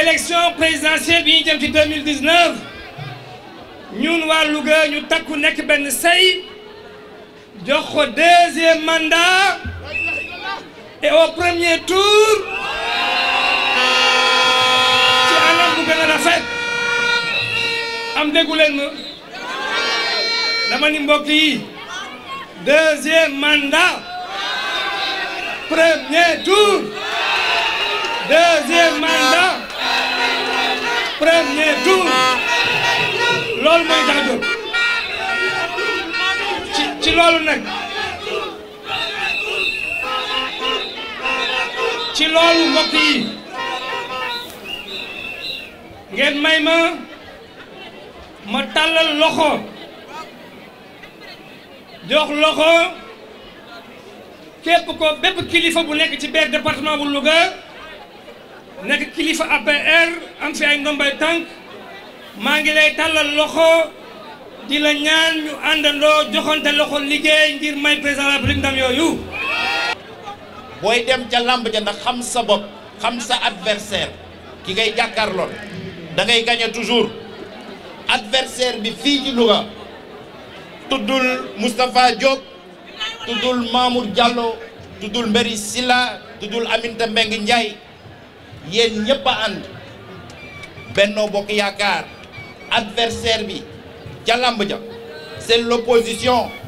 élection présidentielle bi ñu jëm ci 2019 ñun waa Louga ñu takku nek ben sey jox ko deuxième mandat et au premier tour ci anam bu gën a rafet am déggu leen ma dama ni mbokk yi. Deuxième mandat. Premier tour. Deuxième loolu mooy tax ci ci loolu ci loolu mbokk yi ngeen may ma ma tàllal loxo. jox loxo képp ko bépp kilifa bu nekk ci biir département bu Louga nekk kilifa APR am fi ay ndombay tànk maa ngi lay tàllal loxo di la ñaan ñu àndandoo joxante loxo liggéey ngir may président de la République ndam yooyu. booy dem ca làmb ja ndax xam sa bopp xam sa adversaire ki ngay jàkkaarloon dangay ngay gagné toujours adversaire bi fii ci Louga. tuddul Moustapha Diop tuddul Mamour Diallo tuddul Mbéri Silla tuddul Aminata Mbengue Ndiaye yéen ñëpp a ànd Benno Bokk Yaakaar adversaire bi ca làmb ja c'est l'opposition